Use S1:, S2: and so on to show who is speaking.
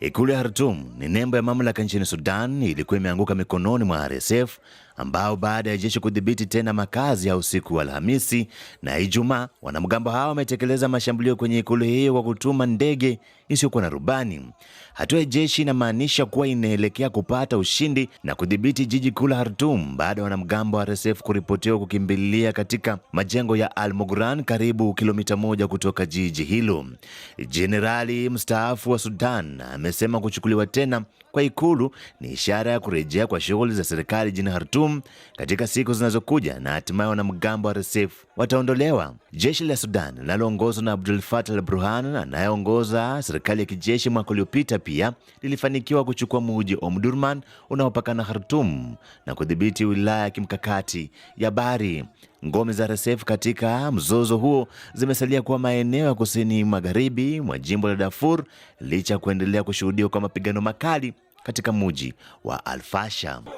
S1: Ikulu ya Khartoum ni nembo ya mamlaka nchini Sudan ilikuwa imeanguka mikononi mwa RSF ambao baada ya jeshi kudhibiti tena makazi ya usiku wa Alhamisi na Ijumaa, wanamgambo hao wametekeleza mashambulio kwenye ikulu hiyo kwa kutuma ndege isiyokuwa na rubani. Hatua ya jeshi inamaanisha kuwa inaelekea kupata ushindi na kudhibiti jiji kuu la Khartoum baada ya wanamgambo wa RSF kuripotiwa kukimbilia katika majengo ya al karibu kilomita moja kutoka jiji hilo. Jenerali mstaafu wa Sudan amesema kuchukuliwa tena kwa ikulu ni ishara ya kurejea kwa shughuli za serikali jijini Khartoum Khartoum katika siku zinazokuja na hatimaye wanamgambo wa RSF wataondolewa. Jeshi la Sudan linaloongozwa na Abdul Fatah al Burhan anayeongoza serikali ya kijeshi mwaka uliopita pia lilifanikiwa kuchukua muji Omdurman unaopakana Khartoum na kudhibiti wilaya ya kimkakati ya Bari. Ngome za RSF katika mzozo huo zimesalia kuwa maeneo ya kusini magharibi mwa jimbo la Darfur licha ya kuendelea kushuhudiwa kwa mapigano makali katika muji wa Alfasha.